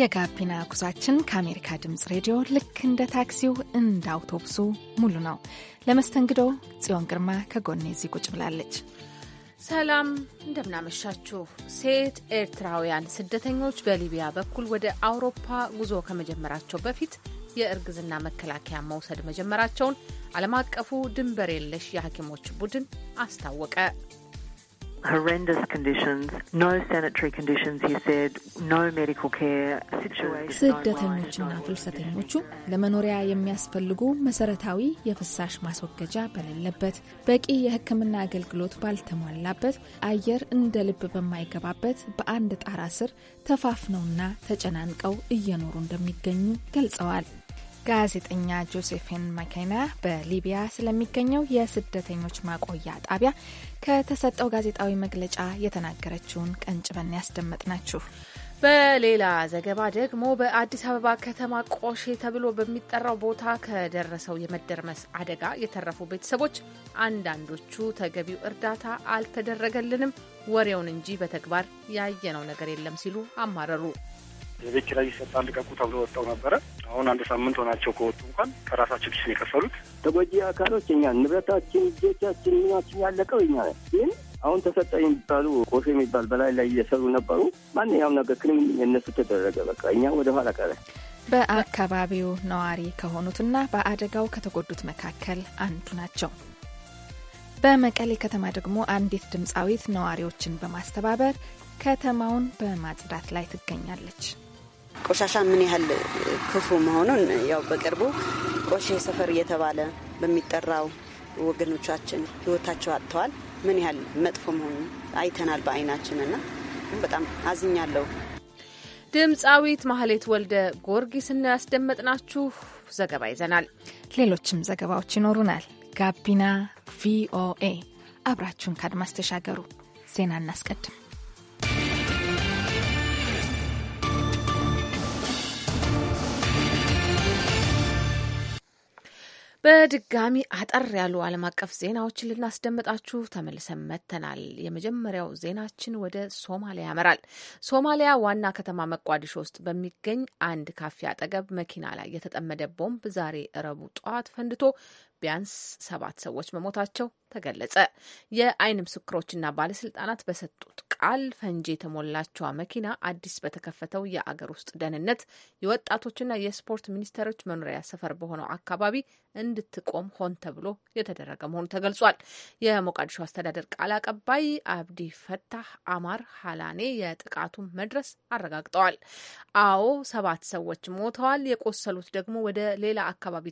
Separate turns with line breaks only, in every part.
የጋቢና ጉዟችን ከአሜሪካ ድምፅ ሬዲዮ ልክ እንደ ታክሲው እንደ አውቶቡሱ ሙሉ ነው። ለመስተንግዶ ጽዮን ግርማ ከጎኔ እዚህ ቁጭ ብላለች።
ሰላም እንደምናመሻችሁ። ሴት ኤርትራውያን ስደተኞች በሊቢያ በኩል ወደ አውሮፓ ጉዞ ከመጀመራቸው በፊት የእርግዝና መከላከያ መውሰድ መጀመራቸውን ዓለም አቀፉ ድንበር የለሽ የሐኪሞች ቡድን አስታወቀ።
ስደተኞችና ፍልሰተኞቹ ለመኖሪያ የሚያስፈልጉ መሰረታዊ የፍሳሽ ማስወገጃ በሌለበት፣ በቂ የሕክምና አገልግሎት ባልተሟላበት፣ አየር እንደ ልብ በማይገባበት በአንድ ጣራ ስር ተፋፍነውና ተጨናንቀው እየኖሩ እንደሚገኙ ገልጸዋል። ጋዜጠኛ ጆሴፊን መኬና በሊቢያ ስለሚገኘው የስደተኞች ማቆያ ጣቢያ ከተሰጠው ጋዜጣዊ መግለጫ የተናገረችውን ቀንጭበን ያስደመጥናችሁ።
በሌላ ዘገባ ደግሞ በአዲስ አበባ ከተማ ቆሼ ተብሎ በሚጠራው ቦታ ከደረሰው የመደርመስ አደጋ የተረፉ ቤተሰቦች አንዳንዶቹ ተገቢው እርዳታ አልተደረገልንም፣ ወሬውን እንጂ በተግባር ያየነው ነገር የለም ሲሉ አማረሩ።
የቤት ኪራይ ይሰጣል ልቀቁ ተብሎ ወጣው ነበረ። አሁን አንድ ሳምንት
ሆናቸው ከወጡ እንኳን ከራሳቸው ኪስ ነው የከፈሉት። ተጎጂ አካሎች እኛ ንብረታችን፣ ልጆቻችን፣ ምናችን ያለቀው እኛ ግን አሁን ተሰጠ የሚባሉ ቆሾ የሚባል በላይ ላይ እየሰሩ ነበሩ። ማንኛውም ነገር ክንም የነሱ ተደረገ። በቃ እኛ ወደ ኋላ ቀረ።
በአካባቢው ነዋሪ ከሆኑትና በአደጋው ከተጎዱት መካከል አንዱ ናቸው። በመቀሌ ከተማ ደግሞ አንዲት ድምፃዊት ነዋሪዎችን በማስተባበር ከተማውን በማጽዳት ላይ ትገኛለች።
ቆሻሻ ምን ያህል ክፉ መሆኑን ያው በቅርቡ ቆሼ ሰፈር እየተባለ በሚጠራው ወገኖቻችን ህይወታቸው አጥተዋል። ምን ያህል መጥፎ መሆኑን አይተናል በአይናችን እና በጣም አዝኛለሁ።
ድምፃዊት ማህሌት ወልደ ጊዮርጊስና ያስደመጥናችሁ
ዘገባ ይዘናል። ሌሎችም ዘገባዎች ይኖሩናል። ጋቢና ቪኦኤ አብራችሁን ከአድማስ ተሻገሩ። ዜና እናስቀድም።
በድጋሚ አጠር ያሉ ዓለም አቀፍ ዜናዎችን ልናስደምጣችሁ ተመልሰን መጥተናል። የመጀመሪያው ዜናችን ወደ ሶማሊያ ያመራል። ሶማሊያ ዋና ከተማ መቋዲሾ ውስጥ በሚገኝ አንድ ካፌ አጠገብ መኪና ላይ የተጠመደ ቦምብ ዛሬ እረቡ ጠዋት ፈንድቶ ቢያንስ ሰባት ሰዎች መሞታቸው ተገለጸ። የአይን ምስክሮችና ባለስልጣናት በሰጡት ቃል ፈንጂ የተሞላቸዋ መኪና አዲስ በተከፈተው የአገር ውስጥ ደህንነት የወጣቶችና የስፖርት ሚኒስቴሮች መኖሪያ ሰፈር በሆነው አካባቢ እንድትቆም ሆን ተብሎ የተደረገ መሆኑ ተገልጿል። የሞቃዲሾ አስተዳደር ቃል አቀባይ አብዲ ፈታህ አማር ሀላኔ የጥቃቱን መድረስ አረጋግጠዋል። አዎ ሰባት ሰዎች ሞተዋል፣ የቆሰሉት ደግሞ ወደ ሌላ አካባቢ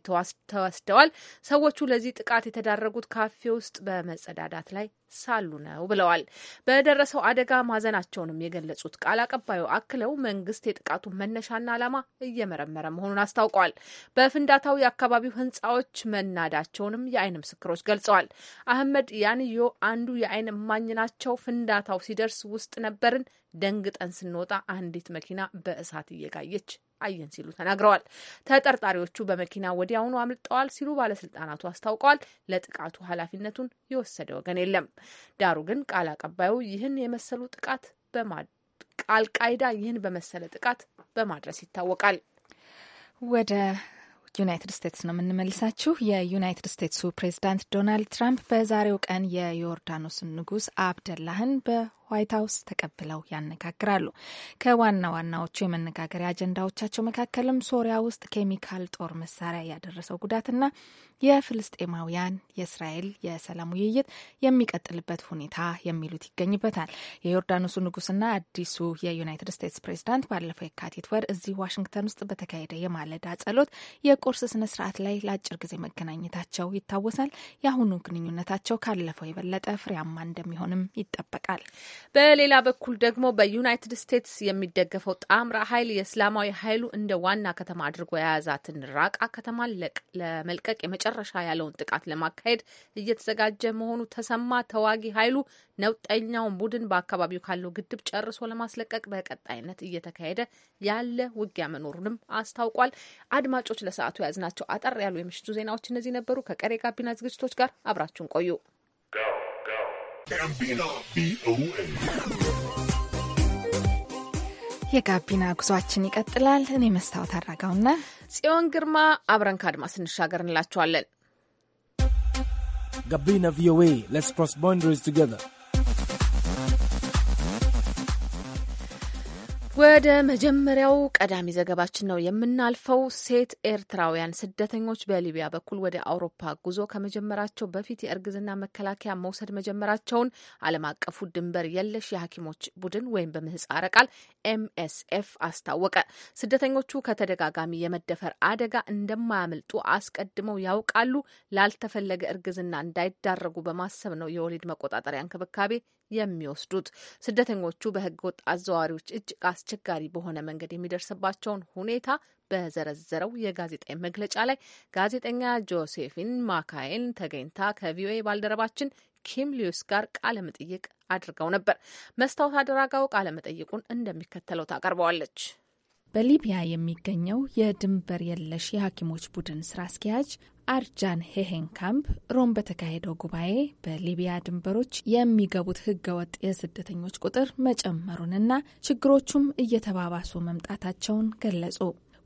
ተወስደዋል። ሰዎቹ ለዚህ ጥቃት የተዳረጉት ካፌ ውስጥ በመጸዳዳት ላይ ሳሉ ነው ብለዋል። በደረሰው አደጋ ማዘናቸውንም የገለጹት ቃል አቀባዩ አክለው መንግስት የጥቃቱን መነሻና ዓላማ እየመረመረ መሆኑን አስታውቀዋል። በፍንዳታው የአካባቢው ህንፃዎች መናዳቸውንም የአይን ምስክሮች ገልጸዋል። አህመድ ያንዮ አንዱ የአይን እማኝ ናቸው። ፍንዳታው ሲደርስ ውስጥ ነበርን። ደንግጠን ስንወጣ አንዲት መኪና በእሳት እየጋየች አየን ሲሉ ተናግረዋል። ተጠርጣሪዎቹ በመኪና ወዲያውኑ አምልጠዋል ሲሉ ባለስልጣናቱ አስታውቀዋል። ለጥቃቱ ኃላፊነቱን የወሰደ ወገን የለም። ዳሩ ግን ቃል አቀባዩ ይህን የመሰሉ ጥቃት አልቃይዳ ይህን በመሰለ ጥቃት በማድረስ ይታወቃል።
ወደ ዩናይትድ ስቴትስ ነው የምንመልሳችሁ። የዩናይትድ ስቴትሱ ፕሬዚዳንት ዶናልድ ትራምፕ በዛሬው ቀን የዮርዳኖስን ንጉስ አብደላህን በ ዋይት ሀውስ ተቀብለው ያነጋግራሉ። ከዋና ዋናዎቹ የመነጋገሪያ አጀንዳዎቻቸው መካከልም ሶሪያ ውስጥ ኬሚካል ጦር መሳሪያ ያደረሰው ጉዳትና የፍልስጤማውያን የእስራኤል የሰላም ውይይት የሚቀጥልበት ሁኔታ የሚሉት ይገኝበታል። የዮርዳኖሱ ንጉስና አዲሱ የዩናይትድ ስቴትስ ፕሬዚዳንት ባለፈው የካቲት ወር እዚህ ዋሽንግተን ውስጥ በተካሄደ የማለዳ ጸሎት የቁርስ ስነ ስርዓት ላይ ለአጭር ጊዜ መገናኘታቸው ይታወሳል። የአሁኑ ግንኙነታቸው ካለፈው የበለጠ ፍሬያማ እንደሚሆንም ይጠበቃል። በሌላ በኩል ደግሞ በዩናይትድ
ስቴትስ የሚደገፈው ጣምራ ኃይል የእስላማዊ ኃይሉ እንደ ዋና ከተማ አድርጎ የያዛትን ራቃ ከተማን ለመልቀቅ የመጨረሻ ያለውን ጥቃት ለማካሄድ እየተዘጋጀ መሆኑ ተሰማ። ተዋጊ ኃይሉ ነውጠኛውን ቡድን በአካባቢው ካለው ግድብ ጨርሶ ለማስለቀቅ በቀጣይነት እየተካሄደ ያለ ውጊያ መኖሩንም አስታውቋል። አድማጮች ለሰዓቱ የያዝናቸው አጠር ያሉ የምሽቱ ዜናዎች እነዚህ ነበሩ። ከቀሬ ጋቢና ዝግጅቶች ጋር አብራችሁን ቆዩ።
ጋቢና ቪኦኤ
የጋቢና ጉዟችን ይቀጥላል። እኔ መስታወት አድራጋውና ጽዮን ግርማ አብረን ካድማ ስንሻገር እንላችኋለን።
ጋቢና ቪኦኤ
ሌትስ ክሮስ ቦንደሪስ ቱጌዘር
ወደ መጀመሪያው ቀዳሚ ዘገባችን ነው የምናልፈው። ሴት ኤርትራውያን ስደተኞች በሊቢያ በኩል ወደ አውሮፓ ጉዞ ከመጀመራቸው በፊት የእርግዝና መከላከያ መውሰድ መጀመራቸውን ዓለም አቀፉ ድንበር የለሽ የሐኪሞች ቡድን ወይም በምህጻረ ቃል ኤምኤስኤፍ አስታወቀ። ስደተኞቹ ከተደጋጋሚ የመደፈር አደጋ እንደማያመልጡ አስቀድመው ያውቃሉ። ላልተፈለገ እርግዝና እንዳይዳረጉ በማሰብ ነው የወሊድ መቆጣጠሪያ እንክብካቤ የሚወስዱት። ስደተኞቹ በህገወጥ አዘዋዋሪዎች እጅግ አስቸጋሪ በሆነ መንገድ የሚደርስባቸውን ሁኔታ በዘረዘረው የጋዜጣዊ መግለጫ ላይ ጋዜጠኛ ጆሴፊን ማካይን ተገኝታ ከቪኦኤ ባልደረባችን ኪም ሊዩስ ጋር ቃለ መጠይቅ አድርገው ነበር። መስታወት አድራጋው ቃለ መጠይቁን እንደሚከተለው ታቀርበዋለች።
በሊቢያ የሚገኘው የድንበር የለሽ የሐኪሞች ቡድን ስራ አስኪያጅ አርጃን ሄሄንካምፕ ሮም በተካሄደው ጉባኤ በሊቢያ ድንበሮች የሚገቡት ህገወጥ የስደተኞች ቁጥር መጨመሩንና ችግሮቹም እየተባባሱ መምጣታቸውን ገለጹ።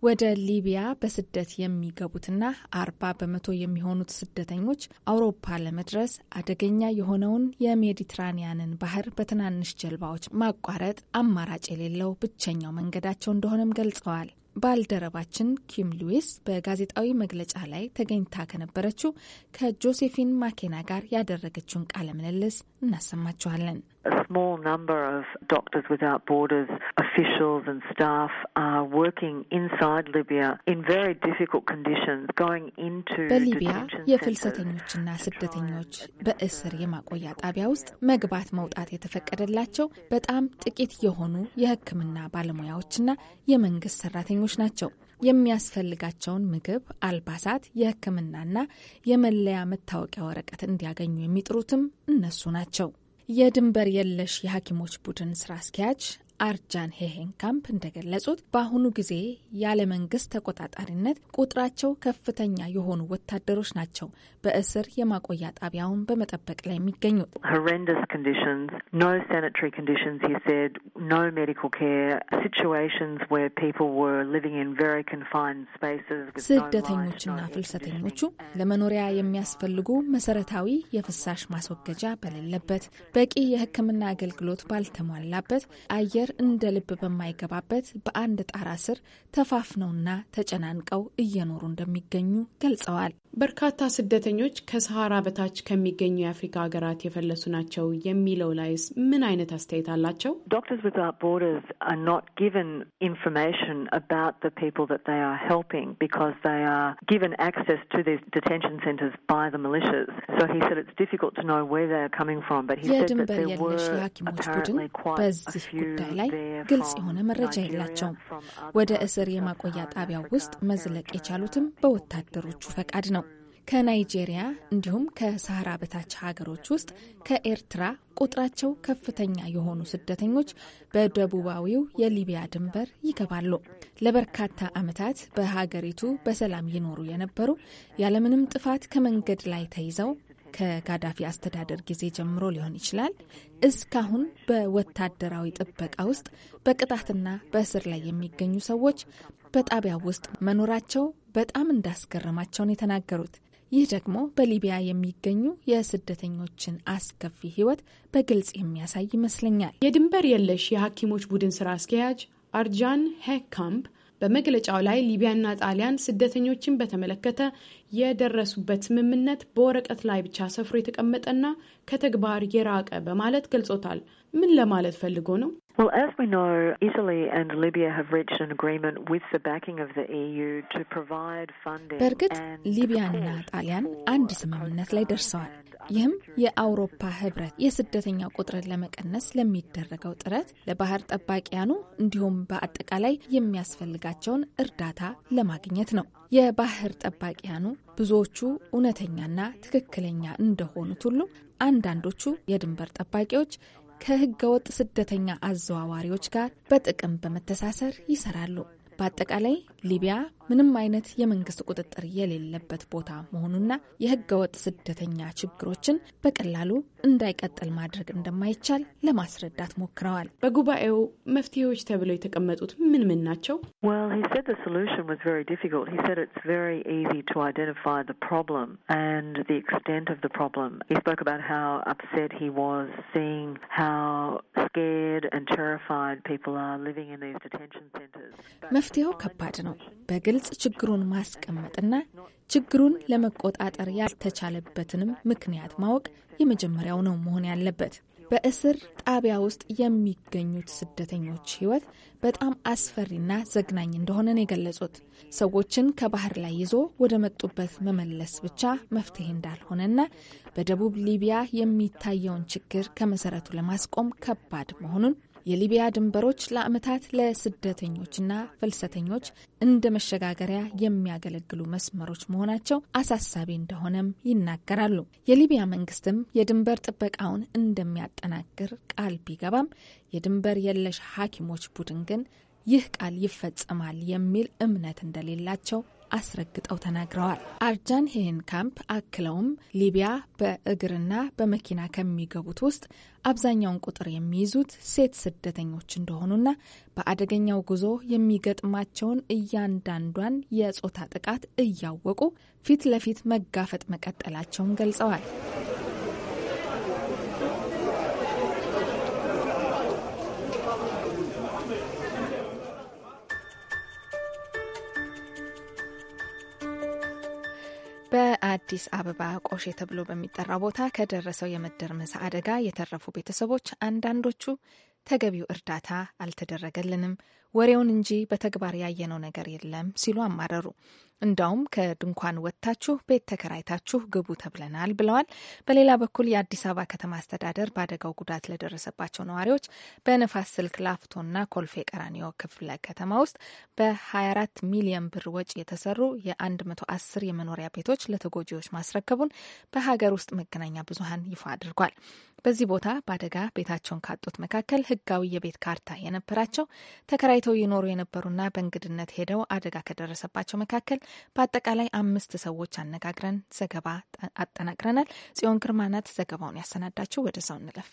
ወደ ሊቢያ በስደት የሚገቡትና አርባ በመቶ የሚሆኑት ስደተኞች አውሮፓ ለመድረስ አደገኛ የሆነውን የሜዲትራኒያንን ባህር በትናንሽ ጀልባዎች ማቋረጥ አማራጭ የሌለው ብቸኛው መንገዳቸው እንደሆነም ገልጸዋል። ባልደረባችን ኪም ሉዊስ በጋዜጣዊ መግለጫ ላይ ተገኝታ ከነበረችው ከጆሴፊን ማኬና ጋር ያደረገችውን ቃለ ምልልስ እናሰማችኋለን።
A small number of Doctors Without Borders officials and staff are working inside Libya in very difficult conditions, going into በሊቢያ የፍልሰተኞችና
ስደተኞች በእስር የማቆያ ጣቢያ ውስጥ መግባት መውጣት የተፈቀደላቸው በጣም ጥቂት የሆኑ የሕክምና ባለሙያዎችና የመንግስት ሰራተኞች ናቸው። የሚያስፈልጋቸውን ምግብ፣ አልባሳት፣ የሕክምናና የመለያ መታወቂያ ወረቀት እንዲያገኙ የሚጥሩትም እነሱ ናቸው። የድንበር የለሽ የሐኪሞች ቡድን ስራ አስኪያጅ አርጃን ሄሄንካምፕ እንደገለጹት በአሁኑ ጊዜ ያለ መንግስት ተቆጣጣሪነት ቁጥራቸው ከፍተኛ የሆኑ ወታደሮች ናቸው በእስር የማቆያ ጣቢያውን በመጠበቅ ላይ የሚገኙት።
ስደተኞችና
ፍልሰተኞቹ ለመኖሪያ የሚያስፈልጉ መሰረታዊ የፍሳሽ ማስወገጃ በሌለበት፣ በቂ የሕክምና አገልግሎት ባልተሟላበት፣ አየር እንደ ልብ በማይገባበት በአንድ ጣራ ስር ተፋፍነውና ተጨናንቀው እየኖሩ እንደሚገኙ ገልጸዋል። በርካታ ስደተኞች ከሰሃራ በታች ከሚገኙ የአፍሪካ ሀገራት
የፈለሱ ናቸው የሚለው ላይስ ምን አይነት አስተያየት አላቸው?
ዶክተርስ ዊዛውት ቦርደርስ አር ኖት ጊቨን ኢንፎርሜሽን አባውት ዘ ፒፕል ዛት ዜይ አር ሄልፒንግ ቢኮዝ ዜይ አር ጊቨን አክሰስ ቱ ዚዝ ዲቴንሽን ሴንተርስ ባይ ዘ ሚሊሺያስ ሶ ሂ ሰድ ኢትስ ዲፊኩልት ቱ ኖ ዌር ዜይ አር ካሚንግ ፍሮም በት ሂ ሰድ የድንበር የለሽ የሐኪሞች ቡድን
በዚህ ጉዳይ ላይ ግልጽ
የሆነ መረጃ የላቸውም። ወደ እስር የማቆያ ጣቢያው ውስጥ መዝለቅ የቻሉትም በወታደሮቹ ፈቃድ ነው። ከናይጄሪያ እንዲሁም ከሳህራ በታች ሀገሮች ውስጥ ከኤርትራ ቁጥራቸው ከፍተኛ የሆኑ ስደተኞች በደቡባዊው የሊቢያ ድንበር ይገባሉ። ለበርካታ ዓመታት በሀገሪቱ በሰላም ይኖሩ የነበሩ ያለምንም ጥፋት ከመንገድ ላይ ተይዘው ከጋዳፊ አስተዳደር ጊዜ ጀምሮ ሊሆን ይችላል እስካሁን በወታደራዊ ጥበቃ ውስጥ በቅጣትና በእስር ላይ የሚገኙ ሰዎች በጣቢያ ውስጥ መኖራቸው በጣም እንዳስገረማቸውን የተናገሩት ይህ ደግሞ በሊቢያ የሚገኙ የስደተኞችን አስከፊ ህይወት በግልጽ የሚያሳይ ይመስለኛል። የድንበር የለሽ የሐኪሞች ቡድን ስራ
አስኪያጅ አርጃን ሄካምፕ በመግለጫው ላይ ሊቢያና ጣሊያን ስደተኞችን በተመለከተ የደረሱበት ስምምነት በወረቀት ላይ ብቻ ሰፍሮ የተቀመጠና ከተግባር የራቀ በማለት ገልጾታል። ምን ለማለት ፈልጎ ነው?
በእርግጥ
ሊቢያና ጣሊያን አንድ ስምምነት ላይ ደርሰዋል። ይህም የአውሮፓ ህብረት የስደተኛ ቁጥርን ለመቀነስ ለሚደረገው ጥረት ለባህር ጠባቂያኑ እንዲሁም በአጠቃላይ የሚያስፈልጋቸውን እርዳታ ለማግኘት ነው። የባህር ጠባቂያኑ ብዙዎቹ እውነተኛና ትክክለኛ እንደሆኑት ሁሉ አንዳንዶቹ የድንበር ጠባቂዎች ከህገወጥ ስደተኛ አዘዋዋሪዎች ጋር በጥቅም በመተሳሰር ይሰራሉ። በአጠቃላይ ሊቢያ ምንም አይነት የመንግስት ቁጥጥር የሌለበት ቦታ መሆኑና የህገወጥ ስደተኛ ችግሮችን በቀላሉ እንዳይቀጥል ማድረግ እንደማይቻል ለማስረዳት ሞክረዋል። በጉባኤው መፍትሄዎች
ተብለው የተቀመጡት ምን ምን ናቸው?
መፍትሄው ከባድ ነው በግ በግልጽ ችግሩን ማስቀመጥና ችግሩን ለመቆጣጠር ያልተቻለበትንም ምክንያት ማወቅ የመጀመሪያው ነው መሆን ያለበት። በእስር ጣቢያ ውስጥ የሚገኙት ስደተኞች ሕይወት በጣም አስፈሪና ዘግናኝ እንደሆነ ነው የገለጹት። ሰዎችን ከባህር ላይ ይዞ ወደ መጡበት መመለስ ብቻ መፍትሄ እንዳልሆነና በደቡብ ሊቢያ የሚታየውን ችግር ከመሰረቱ ለማስቆም ከባድ መሆኑን የሊቢያ ድንበሮች ለዓመታት ለስደተኞችና ፍልሰተኞች እንደ መሸጋገሪያ የሚያገለግሉ መስመሮች መሆናቸው አሳሳቢ እንደሆነም ይናገራሉ። የሊቢያ መንግስትም የድንበር ጥበቃውን እንደሚያጠናክር ቃል ቢገባም የድንበር የለሽ ሐኪሞች ቡድን ግን ይህ ቃል ይፈጸማል የሚል እምነት እንደሌላቸው አስረግጠው ተናግረዋል። አርጃን ሄን ካምፕ አክለውም ሊቢያ በእግርና በመኪና ከሚገቡት ውስጥ አብዛኛውን ቁጥር የሚይዙት ሴት ስደተኞች እንደሆኑና በአደገኛው ጉዞ የሚገጥማቸውን እያንዳንዷን የጾታ ጥቃት እያወቁ ፊት ለፊት መጋፈጥ መቀጠላቸውን ገልጸዋል። በአዲስ አበባ ቆሼ ተብሎ በሚጠራ ቦታ ከደረሰው የመደርመስ አደጋ የተረፉ ቤተሰቦች አንዳንዶቹ ተገቢው እርዳታ አልተደረገልንም፣ ወሬውን እንጂ በተግባር ያየነው ነገር የለም ሲሉ አማረሩ። እንዳውም ከድንኳን ወጥታችሁ ቤት ተከራይታችሁ ግቡ ተብለናል ብለዋል። በሌላ በኩል የአዲስ አበባ ከተማ አስተዳደር በአደጋው ጉዳት ለደረሰባቸው ነዋሪዎች በነፋስ ስልክ ላፍቶና ኮልፌ ቀራኒዮ ክፍለ ከተማ ውስጥ በ24 ሚሊዮን ብር ወጪ የተሰሩ የ110 የመኖሪያ ቤቶች ለተጎጂዎች ማስረከቡን በሀገር ውስጥ መገናኛ ብዙሀን ይፋ አድርጓል። በዚህ ቦታ በአደጋ ቤታቸውን ካጡት መካከል ህጋዊ የቤት ካርታ የነበራቸው ተከራይተው ይኖሩ የነበሩና በእንግድነት ሄደው አደጋ ከደረሰባቸው መካከል በአጠቃላይ አምስት ሰዎች አነጋግረን ዘገባ አጠናቅረናል። ጽዮን ግርማ ናት ዘገባውን ያሰናዳችው። ሰው እንለፍ።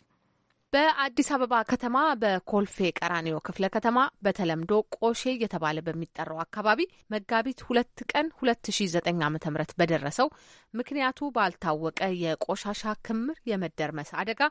በአዲስ አበባ ከተማ በኮልፌ ቀራኒዮ ክፍለ ከተማ በተለምዶ ቆሼ እየተባለ በሚጠራው አካባቢ መጋቢት ሁለት ቀን ሁለት ሺ ዘጠኝ ዓመተ ምህረት በደረሰው ምክንያቱ ባልታወቀ የቆሻሻ ክምር የመደርመስ አደጋ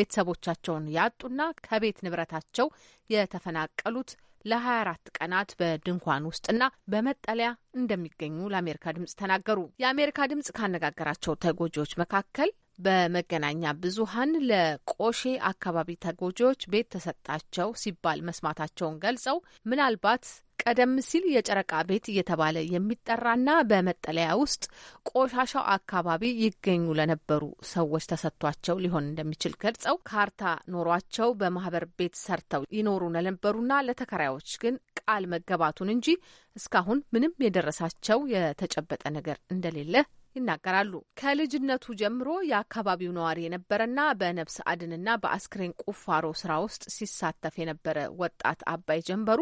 ቤተሰቦቻቸውን ያጡና ከቤት ንብረታቸው የተፈናቀሉት ለ24 ቀናት በድንኳን ውስጥና በመጠለያ እንደሚገኙ ለአሜሪካ ድምጽ ተናገሩ። የአሜሪካ ድምጽ ካነጋገራቸው ተጎጂዎች መካከል በመገናኛ ብዙኃን ለቆሼ አካባቢ ተጎጂዎች ቤት ተሰጣቸው ሲባል መስማታቸውን ገልጸው ምናልባት ቀደም ሲል የጨረቃ ቤት እየተባለ የሚጠራና በመጠለያ ውስጥ ቆሻሻው አካባቢ ይገኙ ለነበሩ ሰዎች ተሰጥቷቸው ሊሆን እንደሚችል ገልጸው ካርታ ኖሯቸው በማህበር ቤት ሰርተው ይኖሩ ለነበሩና ለተከራዮች ግን ቃል መገባቱን እንጂ እስካሁን ምንም የደረሳቸው የተጨበጠ ነገር እንደሌለ ይናገራሉ። ከልጅነቱ ጀምሮ የአካባቢው ነዋሪ የነበረና በነፍስ አድንና በአስክሬን ቁፋሮ ስራ ውስጥ ሲሳተፍ የነበረ ወጣት አባይ ጀንበሩ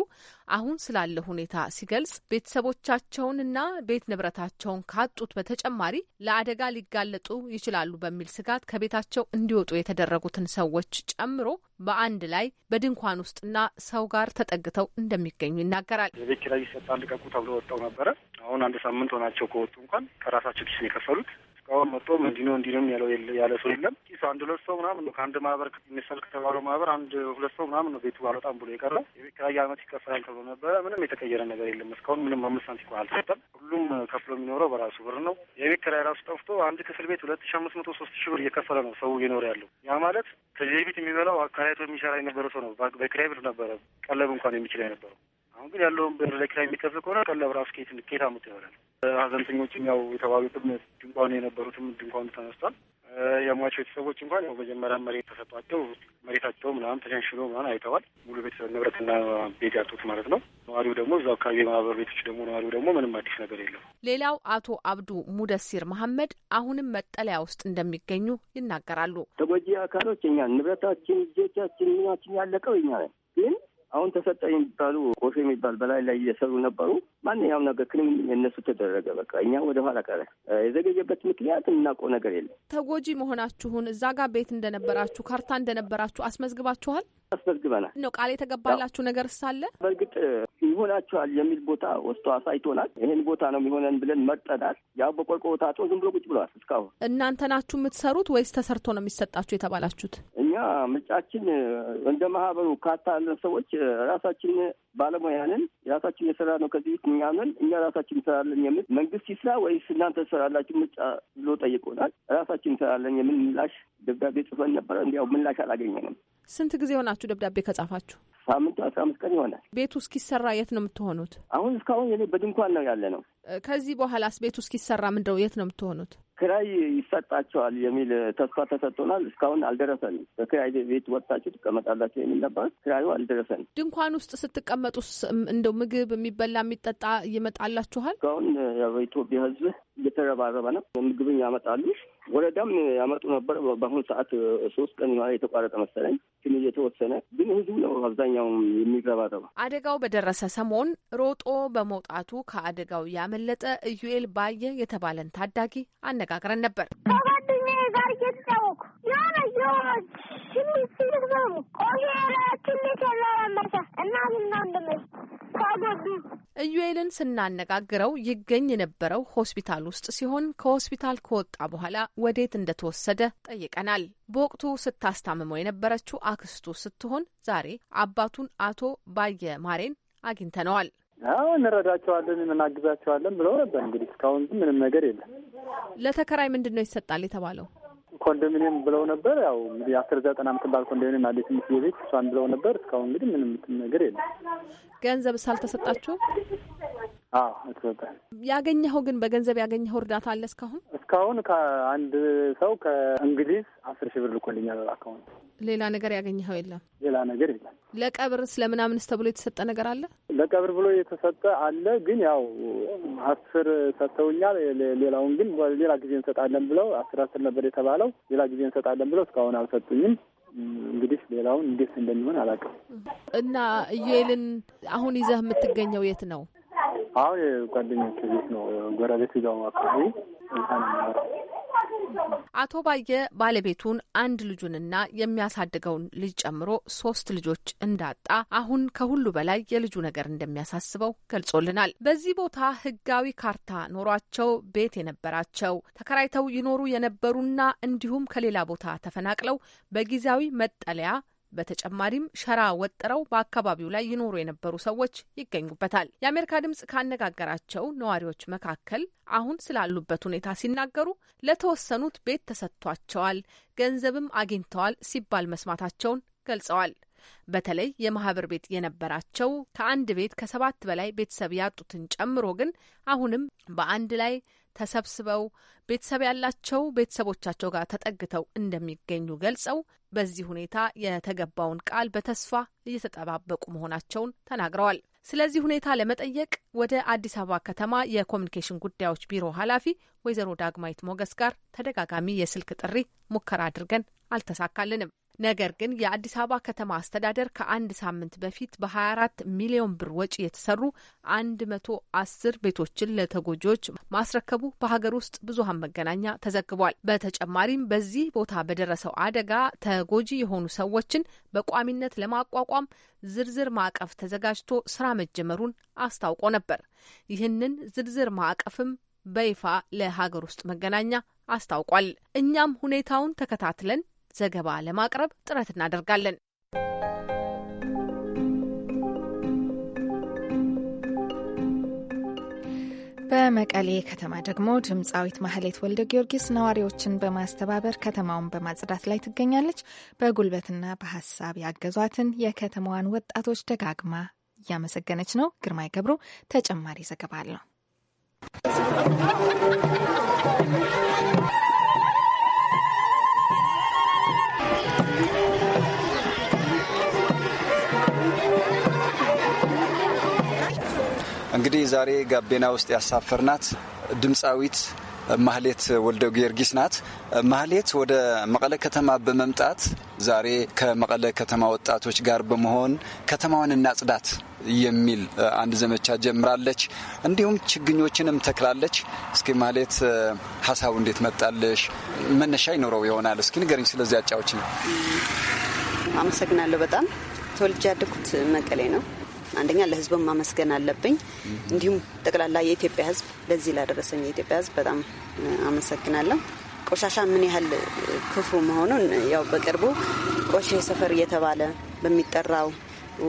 አሁን ስላለ ሁኔታ ሲገልጽ ቤተሰቦቻቸውንና ቤት ንብረታቸውን ካጡት በተጨማሪ ለአደጋ ሊጋለጡ ይችላሉ በሚል ስጋት ከቤታቸው እንዲወጡ የተደረጉትን ሰዎች ጨምሮ በአንድ ላይ በድንኳን ውስጥና ሰው ጋር ተጠግተው እንደሚገኙ ይናገራል።
የቤት ኪራይ ይሰጣል ልቀቁ ተብሎ ወጣው ነበረ። አሁን አንድ ሳምንት ሆናቸው ከወጡ እንኳን ከራሳቸው ኪስ ነው የከፈሉት። እስካሁን መጥቶ እንዲኖ እንዲኖ ያለው ያለ ሰው የለም። ኪስ አንድ ሁለት ሰው ምናምን ነው ከአንድ ማህበር የሚሰል ከተባለው ማህበር አንድ ሁለት ሰው ምናምን ነው ቤቱ አልወጣም ብሎ የቀረ የቤት ኪራይ ይከፈላል ተብሎ ነበረ። ምንም የተቀየረ ነገር የለም። እስካሁን ምንም አምስት ሳንቲም አልሰጠም። ሁሉም ከፍሎ የሚኖረው በራሱ ብር ነው። የቤት ኪራይ ራሱ ጠፍቶ አንድ ክፍል ቤት ሁለት ሺ አምስት መቶ ሶስት ሺ ብር እየከፈለ ነው ሰው እየኖረ ያለው። ያ ማለት ከዚህ ቤት የሚበላው አከራይቶ የሚሰራ የነበረ ሰው ነው። በኪራይ ብር ነበረ ቀለብ እንኳን የሚችል የነበረው አሁን ግን ያለውን ብር ለኪራይ የሚከፍል ከሆነ ቀለብ ራሱ ኬት ኬት አመጡ ይሆናል። ሀዘንተኞችም ያው የተባሉትም ድንኳኑ የነበሩትም ድንኳኑ ተነስቷል። የሟቸው ቤተሰቦች እንኳን ያው መጀመሪያ መሬት ተሰጧቸው መሬታቸው ምናምን ተሸንሽኖ ምናምን አይተዋል። ሙሉ ቤተሰብ ንብረትና ቤት ያጡት ማለት ነው። ነዋሪው ደግሞ እዛው አካባቢ የማህበር ቤቶች ደግሞ ነዋሪው ደግሞ ምንም አዲስ ነገር የለም።
ሌላው አቶ አብዱ ሙደሲር መሐመድ አሁንም መጠለያ ውስጥ እንደሚገኙ ይናገራሉ።
ተጎጂ አካሎች እኛ ንብረታችን፣ ልጆቻችን፣ ምናችን ያለቀው እኛ ግን አሁን ተሰጠ የሚባሉ ቆሾ የሚባል በላይ ላይ እየሰሩ ነበሩ። ማንኛውም ነገር ክንም የነሱ ተደረገ። በቃ እኛ ወደ ኋላ ቀረ። የዘገየበት ምክንያት እናውቀው ነገር የለም።
ተጎጂ መሆናችሁን እዛ ጋር ቤት እንደነበራችሁ ካርታ እንደነበራችሁ አስመዝግባችኋል? አስመዝግበናል ነው ቃል የተገባላችሁ ነገር ሳለ
በእርግጥ ይሆናችኋል የሚል ቦታ ወስቶ አሳይቶናል። ይህን ቦታ ነው የሚሆነን ብለን መጠናል። ያው በቆርቆሮ ታጥሮ ዝም ብሎ ቁጭ ብለዋል። እስካሁን
እናንተ ናችሁ የምትሰሩት ወይስ ተሰርቶ ነው የሚሰጣችሁ የተባላችሁት?
እኛ ምርጫችን እንደ ማህበሩ ካርታ ሰዎች ራሳችን ባለሙያንን ራሳችን የሰራ ነው። ከዚህ ፊት እኛምን እኛ ራሳችን እንሰራለን የምል መንግስት ይስራ ወይስ እናንተ ትሰራላችሁ ምርጫ ብሎ ጠይቆናል። ራሳችን እንሰራለን የሚል ምላሽ ደብዳቤ ጽፈን ነበረ። እንዲያው ምላሽ አላገኘንም።
ስንት ጊዜ ሆና ናችሁ ደብዳቤ ከጻፋችሁ?
ሳምንቱ አስራ አምስት ቀን ይሆናል።
ቤቱ እስኪሰራ የት ነው የምትሆኑት? አሁን እስካሁን የኔ በድንኳን ነው ያለ ነው። ከዚህ በኋላስ ቤቱ እስኪሰራ ምንድነው የት ነው የምትሆኑት?
ክራይ ይሰጣቸዋል የሚል ተስፋ ተሰጥቶናል። እስካሁን አልደረሰንም። በክራይ ቤት ወጥታችሁ ትቀመጣላችሁ የሚል ነበር። ክራዩ አልደረሰንም።
ድንኳን ውስጥ ስትቀመጡ እንደው ምግብ የሚበላ የሚጠጣ ይመጣላችኋል? እስካሁን
በኢትዮጵያ ሕዝብ እየተረባረበ ነው። ምግብን ያመጣሉ ወደ ያመጡ ነበር። በአሁኑ ሰዓት ሶስት ቀን የሆነ የተቋረጠ መሰለኝ፣ ግን እየተወሰነ ግን ህዝቡ ነው አብዛኛው የሚረባረበ።
አደጋው በደረሰ ሰሞን ሮጦ በመውጣቱ ከአደጋው ያመለጠ እዩኤል ባየ የተባለን ታዳጊ አነጋግረን ነበር።
ከጓደኛዬ ጋር እየተጫወኩ የሆነ
ኢዩኤልን ስናነጋግረው ይገኝ የነበረው ሆስፒታል ውስጥ ሲሆን ከሆስፒታል ከወጣ በኋላ ወዴት እንደተወሰደ ጠይቀናል። በወቅቱ ስታስታምመው የነበረችው አክስቱ ስትሆን ዛሬ አባቱን አቶ ባየ ማሬን አግኝተነዋል።
አዎ እንረዳቸዋለን፣ እናግዛቸዋለን ብለው ነበር። እንግዲህ እስካሁን ምንም ነገር የለም።
ለተከራይ ምንድን ነው ይሰጣል የተባለው?
ኮንዶሚኒየም ብለው ነበር። ያው እንግዲህ አስር ዘጠና የምትባል ኮንዶሚኒየም አለ ትንሽ የቤት እሷን ብለው ነበር። እስካሁን እንግዲህ ምንም ነገር የለም።
ገንዘብ ሳልተሰጣችሁ አዎ ያገኘኸው ግን በገንዘብ ያገኘኸው እርዳታ አለ እስካሁን?
እስካሁን ከአንድ ሰው ከእንግሊዝ አስር ሺህ ብር ልኮልኛል በአካውንት።
ሌላ ነገር ያገኘኸው የለም?
ሌላ ነገር የለም።
ለቀብር ስለምናምንስ ተብሎ የተሰጠ ነገር አለ?
ለቀብር ብሎ የተሰጠ አለ፣ ግን ያው አስር ሰጥተውኛል። ሌላውን ግን ሌላ ጊዜ እንሰጣለን ብለው አስር አስር ነበር የተባለው። ሌላ ጊዜ እንሰጣለን ብለው እስካሁን አልሰጡኝም። እንግዲህ ሌላውን እንዴት እንደሚሆን አላውቅም።
እና ኢዩኤልን አሁን ይዘህ የምትገኘው የት ነው?
አዎ ጓደኞች ቤት ነው፣ ጎረቤት ጋር
አካባቢ
አቶ ባየ ባለቤቱን አንድ ልጁንና የሚያሳድገውን ልጅ ጨምሮ ሶስት ልጆች እንዳጣ አሁን ከሁሉ በላይ የልጁ ነገር እንደሚያሳስበው ገልጾልናል። በዚህ ቦታ ሕጋዊ ካርታ ኖሯቸው ቤት የነበራቸው ተከራይተው ይኖሩ የነበሩና እንዲሁም ከሌላ ቦታ ተፈናቅለው በጊዜያዊ መጠለያ በተጨማሪም ሸራ ወጥረው በአካባቢው ላይ ይኖሩ የነበሩ ሰዎች ይገኙበታል። የአሜሪካ ድምጽ ካነጋገራቸው ነዋሪዎች መካከል አሁን ስላሉበት ሁኔታ ሲናገሩ ለተወሰኑት ቤት ተሰጥቷቸዋል፣ ገንዘብም አግኝተዋል ሲባል መስማታቸውን ገልጸዋል። በተለይ የማህበር ቤት የነበራቸው ከአንድ ቤት ከሰባት በላይ ቤተሰብ ያጡትን ጨምሮ ግን አሁንም በአንድ ላይ ተሰብስበው ቤተሰብ ያላቸው ቤተሰቦቻቸው ጋር ተጠግተው እንደሚገኙ ገልጸው በዚህ ሁኔታ የተገባውን ቃል በተስፋ እየተጠባበቁ መሆናቸውን ተናግረዋል። ስለዚህ ሁኔታ ለመጠየቅ ወደ አዲስ አበባ ከተማ የኮሚኒኬሽን ጉዳዮች ቢሮ ኃላፊ ወይዘሮ ዳግማዊት ሞገስ ጋር ተደጋጋሚ የስልክ ጥሪ ሙከራ አድርገን አልተሳካልንም። ነገር ግን የአዲስ አበባ ከተማ አስተዳደር ከአንድ ሳምንት በፊት በ24 ሚሊዮን ብር ወጪ የተሰሩ 110 ቤቶችን ለተጎጂዎች ማስረከቡ በሀገር ውስጥ ብዙሀን መገናኛ ተዘግቧል። በተጨማሪም በዚህ ቦታ በደረሰው አደጋ ተጎጂ የሆኑ ሰዎችን በቋሚነት ለማቋቋም ዝርዝር ማዕቀፍ ተዘጋጅቶ ስራ መጀመሩን አስታውቆ ነበር። ይህንን ዝርዝር ማዕቀፍም በይፋ ለሀገር ውስጥ መገናኛ አስታውቋል። እኛም ሁኔታውን ተከታትለን ዘገባ ለማቅረብ ጥረት እናደርጋለን።
በመቀሌ ከተማ ደግሞ ድምፃዊት ማህሌት ወልደ ጊዮርጊስ ነዋሪዎችን በማስተባበር ከተማውን በማጽዳት ላይ ትገኛለች። በጉልበትና በሀሳብ ያገዟትን የከተማዋን ወጣቶች ደጋግማ እያመሰገነች ነው። ግርማይ ገብሩ ተጨማሪ ዘገባ አለው።
እንግዲህ ዛሬ ጋቤና ውስጥ ያሳፈርናት ድምፃዊት ማህሌት ወልደ ጊዮርጊስ ናት። ማህሌት ወደ መቀለ ከተማ በመምጣት ዛሬ ከመቀለ ከተማ ወጣቶች ጋር በመሆን ከተማዋን እናጽዳት የሚል አንድ ዘመቻ ጀምራለች። እንዲሁም ችግኞችንም ተክላለች። እስኪ ማህሌት ሀሳቡ እንዴት መጣለሽ? መነሻ ይኖረው ይሆናል። እስኪ ንገርኝ ስለዚህ አጫዎች ነው።
አመሰግናለሁ። በጣም ተወልጄ ያደኩት መቀሌ ነው። አንደኛ ለህዝብ ማመስገን አለብኝ። እንዲሁም ጠቅላላ የኢትዮጵያ ህዝብ ለዚህ ላደረሰኝ የኢትዮጵያ ህዝብ በጣም አመሰግናለሁ። ቆሻሻ ምን ያህል ክፉ መሆኑን ያው በቅርቡ ቆሼ ሰፈር እየተባለ በሚጠራው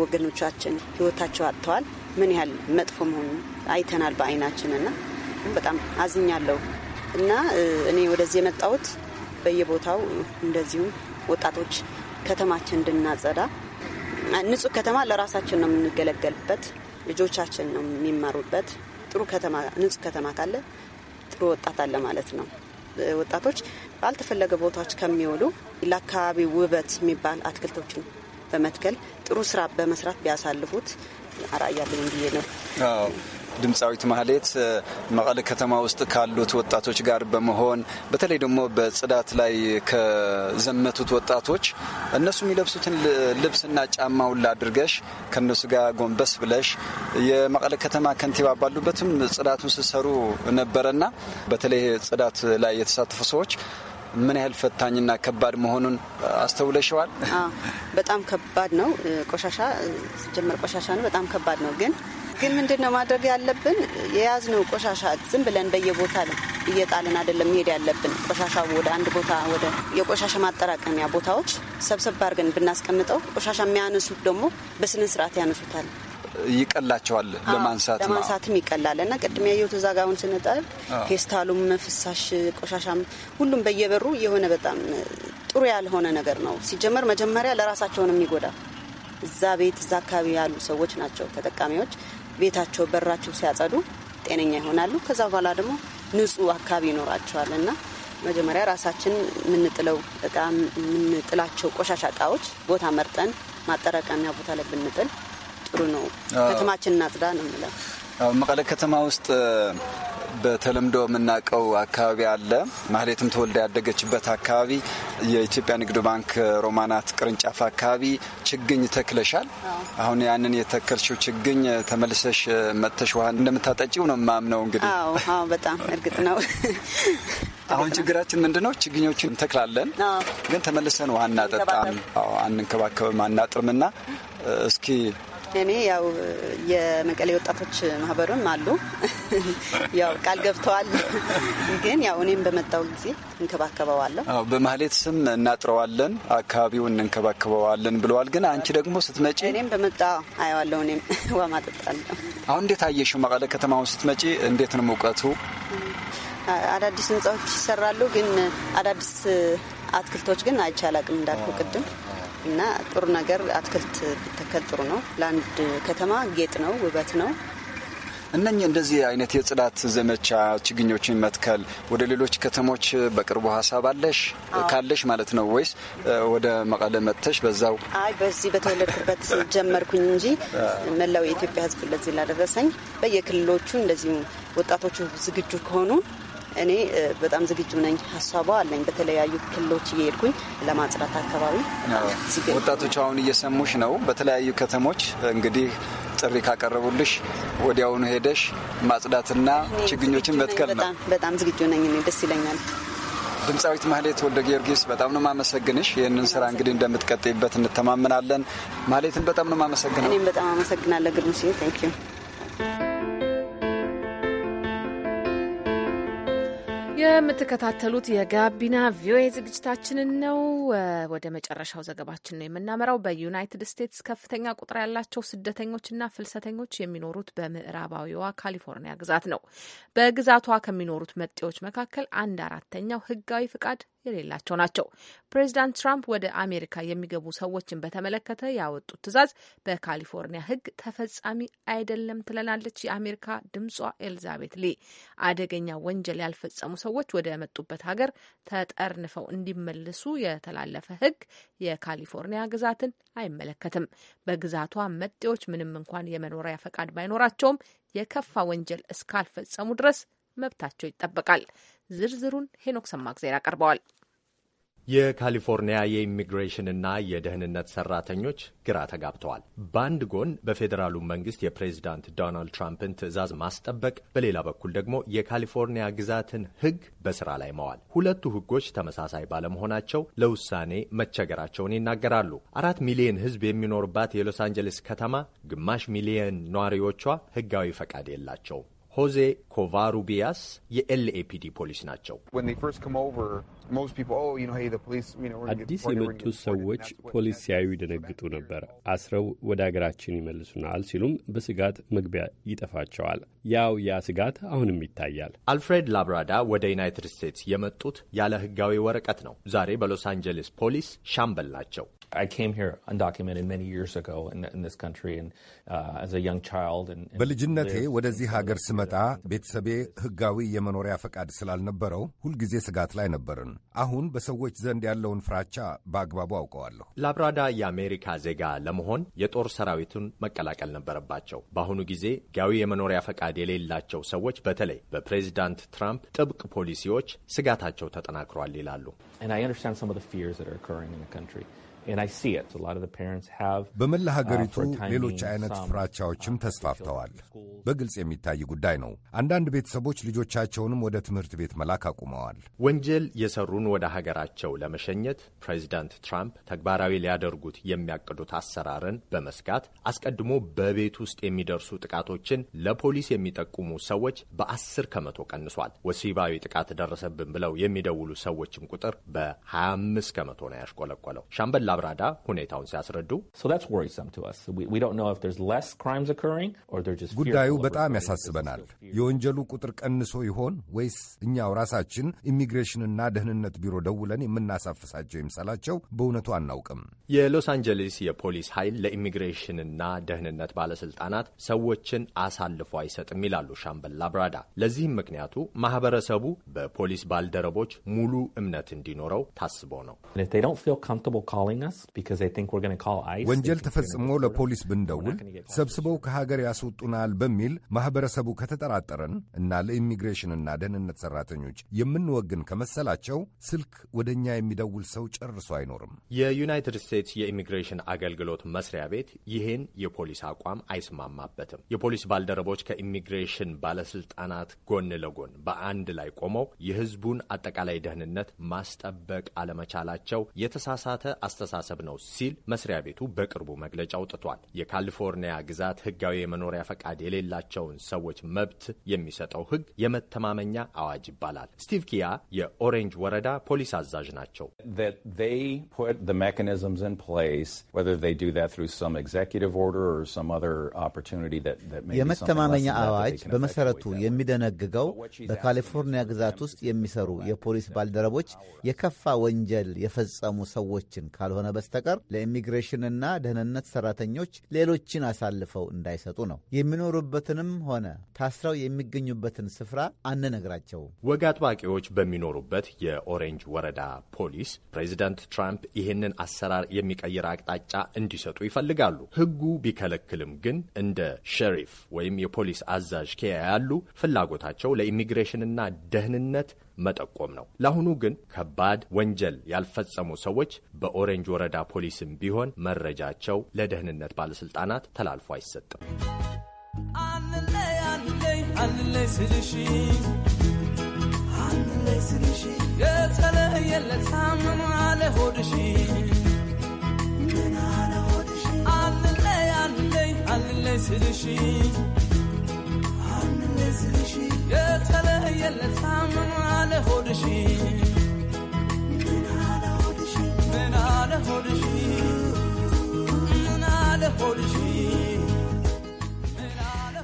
ወገኖቻችን ህይወታቸው አጥተዋል። ምን ያህል መጥፎ መሆኑ አይተናል በአይናችን እና በጣም አዝኛለሁ እና እኔ ወደዚህ የመጣሁት በየቦታው እንደዚሁም ወጣቶች ከተማችን እንድናጸዳ ንጹህ ከተማ ለራሳችን ነው የምንገለገልበት፣ ልጆቻችን ነው የሚማሩበት። ጥሩ ከተማ ንጹህ ከተማ ካለ ጥሩ ወጣት አለ ማለት ነው። ወጣቶች ባልተፈለገ ቦታዎች ከሚውሉ ለአካባቢ ውበት የሚባል አትክልቶችን በመትከል ጥሩ ስራ በመስራት ቢያሳልፉት
አርአያ ብዬ ነው። ድምፃዊት ማህሌት መቀለ ከተማ ውስጥ ካሉት ወጣቶች ጋር በመሆን በተለይ ደግሞ በጽዳት ላይ ከዘመቱት ወጣቶች እነሱ የሚለብሱትን ልብስና ጫማውን ላድርገሽ ከነሱ ከእነሱ ጋር ጎንበስ ብለሽ የመቀለ ከተማ ከንቲባ ባሉበትም ጽዳቱን ስሰሩ ነበረና በተለይ ጽዳት ላይ የተሳተፉ ሰዎች ምን ያህል ፈታኝና ከባድ መሆኑን አስተውለሸዋል?
በጣም ከባድ ነው። ቆሻሻ ሲጀመር ቆሻሻ ነው። በጣም ከባድ ነው ግን ግን ምንድን ነው ማድረግ ያለብን? የያዝነው ቆሻሻ ዝም ብለን በየቦታ እየጣልን አይደለም መሄድ ያለብን። ቆሻሻ ወደ አንድ ቦታ ወደ የቆሻሻ ማጠራቀሚያ ቦታዎች ሰብሰብ አድርገን ብናስቀምጠው ቆሻሻ የሚያነሱት ደግሞ በስነ ስርዓት ያነሱታል።
ይቀላቸዋል ለማንሳት ለማንሳትም
ይቀላል እና ቅድም ያየሁት እዛ ጋር ስንጠርግ ፌስታሉም ፍሳሽ ቆሻሻም ሁሉም በየበሩ የሆነ በጣም ጥሩ ያልሆነ ነገር ነው። ሲጀመር መጀመሪያ ለራሳቸውን የሚጎዳ እዛ ቤት እዛ አካባቢ ያሉ ሰዎች ናቸው ተጠቃሚዎች። ቤታቸው በራቸው ሲያጸዱ ጤነኛ ይሆናሉ። ከዛ በኋላ ደግሞ ንጹህ አካባቢ ይኖራቸዋል እና መጀመሪያ ራሳችን የምንጥለው እቃ የምንጥላቸው ቆሻሻ እቃዎች ቦታ መርጠን ማጠራቀሚያ ቦታ ላይ ብንጥል ጥሩ ነው። ከተማችን እናጽዳ ነው የምለው።
መቀለ ከተማ ውስጥ በተለምዶ የምናውቀው አካባቢ አለ። ማህሌትም ተወልዳ ያደገችበት አካባቢ የኢትዮጵያ ንግድ ባንክ ሮማናት ቅርንጫፍ አካባቢ ችግኝ ተክለሻል። አሁን ያንን የተከልሽው ችግኝ ተመልሰሽ መጥተሽ ውሃ እንደምታጠጪው ነው የማምነው። እንግዲህ
በጣም እርግጥ ነው።
አሁን ችግራችን ምንድን ነው? ችግኞችን እንተክላለን፣ ግን ተመልሰን ውሃ እናጠጣም፣ አንንከባከብም፣ አናጥርምና እስኪ እኔ ያው
የመቀሌ ወጣቶች ማህበርም አሉ ያው ቃል ገብተዋል። ግን ያው እኔም በመጣው ጊዜ እንከባከበዋለሁ።
በማህሌት ስም እናጥረዋለን፣ አካባቢውን እንንከባከበዋለን ብለዋል። ግን አንቺ ደግሞ ስትመጪ እኔም በመጣ አየዋለሁ። እኔም ዋማ ጠጣለሁ። አሁን እንዴት አየሽው? መቀለ ከተማውን ስትመጪ እንዴት ነው ሙቀቱ?
አዳዲስ ህንጻዎች ይሰራሉ፣ ግን አዳዲስ አትክልቶች ግን አይቻላቅም እንዳልኩ ቅድም እና ጥሩ ነገር አትክልት ተከል ጥሩ ነው። ለአንድ ከተማ ጌጥ ነው፣ ውበት ነው።
እነኚህ እንደዚህ አይነት የጽዳት ዘመቻ ችግኞችን መትከል ወደ ሌሎች ከተሞች በቅርቡ ሀሳብ አለሽ ካለሽ ማለት ነው ወይስ ወደ መቀለ መጥተሽ በዛው?
አይ በዚህ በተወለድኩበት ጀመርኩኝ እንጂ መላው የኢትዮጵያ ሕዝብ ለዚህ ላደረሰኝ በየክልሎቹ እንደዚሁ ወጣቶቹ ዝግጁ ከሆኑ እኔ በጣም ዝግጁ ነኝ፣ ሀሳቧ አለኝ። በተለያዩ ክልሎች እየሄድኩኝ ለማጽዳት አካባቢ
ወጣቶች አሁን እየሰሙሽ ነው። በተለያዩ ከተሞች እንግዲህ ጥሪ ካቀረቡልሽ ወዲያውኑ ሄደሽ ማጽዳትና ችግኞችን መትከል ነው።
በጣም ዝግጁ ነኝ፣ እኔ ደስ ይለኛል።
ድምፃዊት ማህሌት ወልደ ጊዮርጊስ በጣም ነው ማመሰግንሽ። ይህንን ስራ እንግዲህ እንደምትቀጥይበት እንተማመናለን። ማህሌትን በጣም ነው ማመሰግነው።
እኔም በጣም አመሰግናለሁ ግርሙስ
የምትከታተሉት የጋቢና ቪኦኤ ዝግጅታችንን ነው። ወደ መጨረሻው ዘገባችን ነው የምናመራው። በዩናይትድ ስቴትስ ከፍተኛ ቁጥር ያላቸው ስደተኞችና ፍልሰተኞች የሚኖሩት በምዕራባዊዋ ካሊፎርኒያ ግዛት ነው። በግዛቷ ከሚኖሩት መጤዎች መካከል አንድ አራተኛው ሕጋዊ ፍቃድ የሌላቸው ናቸው። ፕሬዚዳንት ትራምፕ ወደ አሜሪካ የሚገቡ ሰዎችን በተመለከተ ያወጡት ትዕዛዝ በካሊፎርኒያ ሕግ ተፈጻሚ አይደለም ትለናለች የአሜሪካ ድምጿ ኤልዛቤት ሊ። አደገኛ ወንጀል ያልፈጸሙ ሰዎች ወደ መጡበት ሀገር ተጠርንፈው እንዲመለሱ የተላለፈ ሕግ የካሊፎርኒያ ግዛትን አይመለከትም። በግዛቷ መጤዎች ምንም እንኳን የመኖሪያ ፈቃድ ባይኖራቸውም የከፋ ወንጀል እስካልፈጸሙ ድረስ መብታቸው ይጠበቃል። ዝርዝሩን ሄኖክ ሰማግዜር ያቀርበዋል።
የካሊፎርኒያ የኢሚግሬሽንና የደህንነት ሰራተኞች ግራ ተጋብተዋል። በአንድ ጎን በፌዴራሉ መንግስት የፕሬዚዳንት ዶናልድ ትራምፕን ትዕዛዝ ማስጠበቅ፣ በሌላ በኩል ደግሞ የካሊፎርኒያ ግዛትን ህግ በስራ ላይ መዋል። ሁለቱ ሕጎች ተመሳሳይ ባለመሆናቸው ለውሳኔ መቸገራቸውን ይናገራሉ። አራት ሚሊየን ሕዝብ የሚኖርባት የሎስ አንጀለስ ከተማ ግማሽ ሚሊየን ነዋሪዎቿ ሕጋዊ ፈቃድ የላቸውም። ሆዜ ኮቫሩቢያስ የኤልኤፒዲ ፖሊስ ናቸው።
oh, አዲስ የመጡት
ሰዎች ፖሊስ ሲያዩ ይደነግጡ ነበር። አስረው ወደ አገራችን ይመልሱናል ሲሉም በስጋት መግቢያ ይጠፋቸዋል። ያው ያ ስጋት አሁንም ይታያል። አልፍሬድ ላብራዳ ወደ ዩናይትድ ስቴትስ የመጡት ያለ ሕጋዊ ወረቀት ነው። ዛሬ በሎስ አንጀለስ ፖሊስ ሻምበል ናቸው። Uh,
በልጅነቴ ወደዚህ ሀገር ስመጣ ቤተሰቤ ሕጋዊ የመኖሪያ ፈቃድ ስላልነበረው ሁልጊዜ ስጋት ላይ ነበርን። አሁን በሰዎች ዘንድ ያለውን ፍራቻ በአግባቡ አውቀዋለሁ።
ላብራዳ የአሜሪካ ዜጋ ለመሆን የጦር ሰራዊቱን መቀላቀል ነበረባቸው። በአሁኑ ጊዜ ሕጋዊ የመኖሪያ ፈቃድ የሌላቸው ሰዎች በተለይ በፕሬዚዳንት ትራምፕ ጥብቅ ፖሊሲዎች ስጋታቸው ተጠናክሯል ይላሉ።
Uh, በመላ ሀገሪቱ ሌሎች አይነት ፍራቻዎችም uh, ተስፋፍተዋል። በግልጽ የሚታይ ጉዳይ ነው። አንዳንድ ቤተሰቦች ልጆቻቸውንም ወደ ትምህርት ቤት መላክ አቁመዋል። ወንጀል የሰሩን ወደ ሀገራቸው ለመሸኘት ፕሬዚዳንት ትራምፕ
ተግባራዊ ሊያደርጉት የሚያቅዱት አሰራርን በመስጋት አስቀድሞ በቤት ውስጥ የሚደርሱ ጥቃቶችን ለፖሊስ የሚጠቁሙ ሰዎች በአስር ከመቶ ቀንሷል። ወሲባዊ ጥቃት ደረሰብን ብለው የሚደውሉ ሰዎችም ቁጥር በ25 ከመቶ ነው ያሽቆለቆለው። ሻምበላ አብራዳ ሁኔታውን ሲያስረዱ ጉዳዩ በጣም
ያሳስበናል። የወንጀሉ ቁጥር ቀንሶ ይሆን ወይስ እኛው ራሳችን ኢሚግሬሽንና ደህንነት ቢሮ ደውለን የምናሳፍሳቸው ይምሰላቸው? በእውነቱ አናውቅም።
የሎስ አንጀለስ የፖሊስ ኃይል ለኢሚግሬሽንና ደህንነት ባለስልጣናት ሰዎችን አሳልፎ አይሰጥም ይላሉ ሻምበል ላብራዳ። ለዚህም ምክንያቱ ማህበረሰቡ በፖሊስ ባልደረቦች ሙሉ እምነት እንዲኖረው ታስቦ ነው። ወንጀል
ተፈጽሞ ለፖሊስ ብንደውል ሰብስበው ከሀገር ያስወጡናል በሚል ማኅበረሰቡ ከተጠራጠረን እና ለኢሚግሬሽንና ደህንነት ሠራተኞች የምንወግን ከመሰላቸው ስልክ ወደ እኛ የሚደውል ሰው ጨርሶ አይኖርም።
የዩናይትድ ስቴትስ የኢሚግሬሽን አገልግሎት መስሪያ ቤት ይህን የፖሊስ አቋም አይስማማበትም። የፖሊስ ባልደረቦች ከኢሚግሬሽን ባለስልጣናት ጎን ለጎን በአንድ ላይ ቆመው የሕዝቡን አጠቃላይ ደህንነት ማስጠበቅ አለመቻላቸው የተሳሳተ አስተሳ አስተሳሰብ ነው ሲል መስሪያ ቤቱ በቅርቡ መግለጫ አውጥቷል። የካሊፎርኒያ ግዛት ህጋዊ የመኖሪያ ፈቃድ የሌላቸውን ሰዎች መብት የሚሰጠው ህግ የመተማመኛ አዋጅ ይባላል። ስቲቭ ኪያ የኦሬንጅ ወረዳ ፖሊስ አዛዥ ናቸው።
የመተማመኛ አዋጅ
በመሰረቱ የሚደነግገው በካሊፎርኒያ ግዛት ውስጥ የሚሰሩ የፖሊስ ባልደረቦች የከፋ ወንጀል የፈጸሙ ሰዎችን ካልሆ ካልሆነ በስተቀር ለኢሚግሬሽንና ደህንነት ሰራተኞች ሌሎችን አሳልፈው እንዳይሰጡ ነው። የሚኖሩበትንም ሆነ ታስረው የሚገኙበትን ስፍራ አንነግራቸው። ወግ
አጥባቂዎች በሚኖሩበት የኦሬንጅ ወረዳ ፖሊስ ፕሬዚዳንት ትራምፕ ይህንን አሰራር የሚቀይር አቅጣጫ እንዲሰጡ ይፈልጋሉ። ህጉ ቢከለክልም ግን እንደ ሸሪፍ ወይም የፖሊስ አዛዥ ኬያ ያሉ ፍላጎታቸው ለኢሚግሬሽንና ደህንነት መጠቆም ነው። ለአሁኑ ግን ከባድ ወንጀል ያልፈጸሙ ሰዎች በኦሬንጅ ወረዳ ፖሊስም ቢሆን መረጃቸው ለደህንነት ባለስልጣናት ተላልፎ አይሰጥም።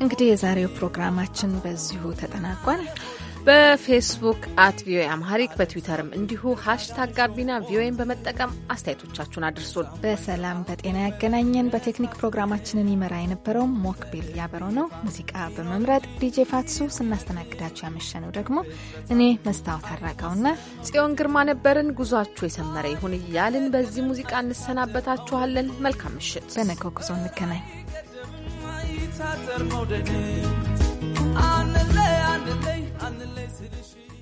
እንግዲህ የዛሬው ፕሮግራማችን በዚሁ ተጠናቋል።
በፌስቡክ አት ቪኦኤ አምሃሪክ በትዊተርም እንዲሁ ሀሽታግ ጋቢና ቪኦኤን በመጠቀም አስተያየቶቻችሁን
አድርሱን። በሰላም በጤና ያገናኘን። በቴክኒክ ፕሮግራማችንን ይመራ የነበረው ሞክቤል ያበረው ነው። ሙዚቃ በመምረጥ ዲጄ ፋትሱ ስናስተናግዳችሁ ያመሸነው ደግሞ እኔ መስታወት አራጋውና ጽዮን ግርማ ነበርን። ጉዟችሁ የሰመረ ይሁን እያልን በዚህ ሙዚቃ
እንሰናበታችኋለን። መልካም ምሽት። በነገው ጉዞ እንገናኝ።
Anne lei, anne lei, anne lei